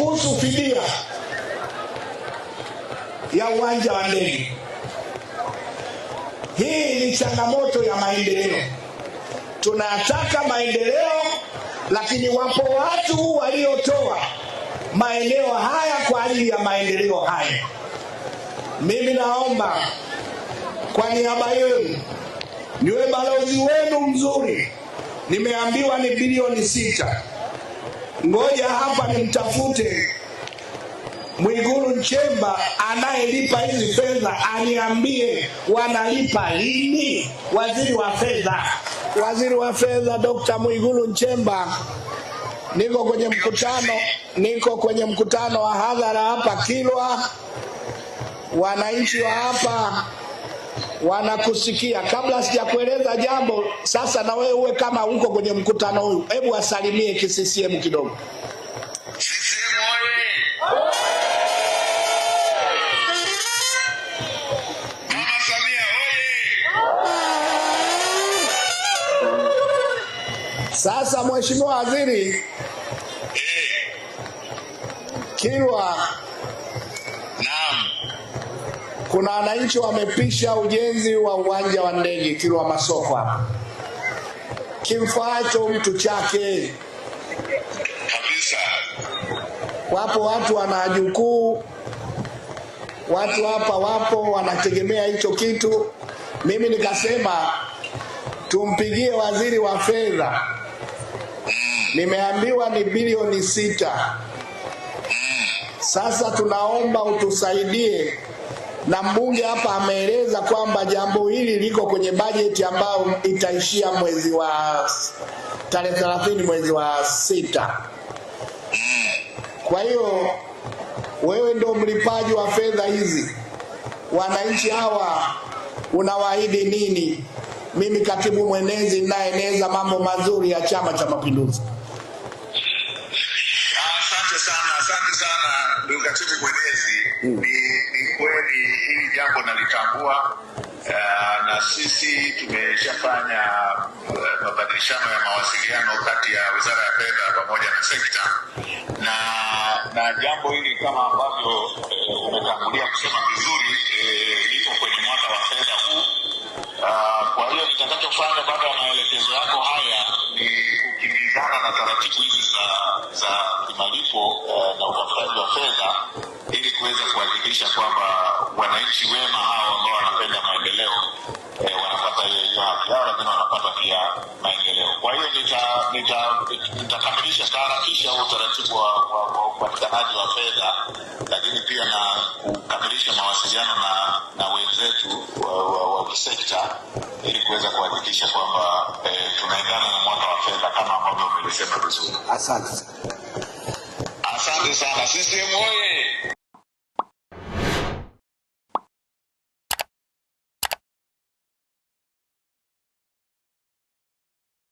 kuhusu fidia ya uwanja wa ndege. Hii ni changamoto ya maendeleo. Tunataka maendeleo, lakini wapo watu waliotoa maeneo haya kwa ajili ya maendeleo haya. Mimi naomba kwa niaba yenu niwe balozi wenu mzuri. Nimeambiwa ni bilioni sita. Ngoja hapa nimtafute Mwigulu Nchemba anayelipa hizi fedha aniambie wanalipa lini. Waziri wa fedha, waziri wa fedha Dr. Mwigulu Nchemba, niko kwenye mkutano, niko kwenye mkutano wa hadhara hapa Kilwa, wananchi wa hapa wanakusikia. Kabla sijakueleza jambo, sasa na wewe uwe kama uko kwenye mkutano huu, hebu wasalimie kisisiemu kidogo. Sasa Mheshimiwa Waziri eh. Kilwa kuna wananchi wamepisha ujenzi wa uwanja wa ndege Kilwa Masoko hapa, kimfaacho mtu chake kabisa. Wapo watu wana jukuu, watu hapa wapo wanategemea hicho kitu. Mimi nikasema tumpigie waziri wa fedha, nimeambiwa ni bilioni sita. Mm. Sasa tunaomba utusaidie na mbunge hapa ameeleza kwamba jambo hili liko kwenye bajeti ambayo itaishia mwezi wa tarehe 30 mwezi wa sita. Kwa hiyo wewe ndio mlipaji wa fedha hizi, wananchi hawa unawaahidi nini? Mimi katibu mwenezi ninayeeneza mambo mazuri ya Chama cha Mapinduzi. Asante sana, asante sana ndugu katibu mwenezi. Hmm kuwa uh, na sisi tumeshafanya uh, mabadilishano ya mawasiliano kati ya Wizara ya Fedha pamoja na sekta na na jambo hili kama ambavyo uh, umetangulia kusema vizuri uh, liko kwenye mwaka wa fedha huu. Uh, kwa hiyo nitakachofanya baada ya maelekezo yako haya ni kukimbizana na taratibu hizi za za kimalipo uh, na utafutaji wa fedha ili kuweza kuhakikisha kwamba wananchi wema hao ambao wanapenda maendeleo eh, wanapata hiyo hiyo haki yao, lakini wanapata pia maendeleo. Kwa hiyo nitakamilisha nita, nitaharakisha huo utaratibu wa upatikanaji wa, fedha, lakini pia na kukamilisha mawasiliano na, na wenzetu wa, wa, wa kisekta ili kuweza kuhakikisha kwamba eh, tunaendana na mwaka wa fedha kama ambavyo umelisema vizuri. Asante, asante sana. Sisi oye!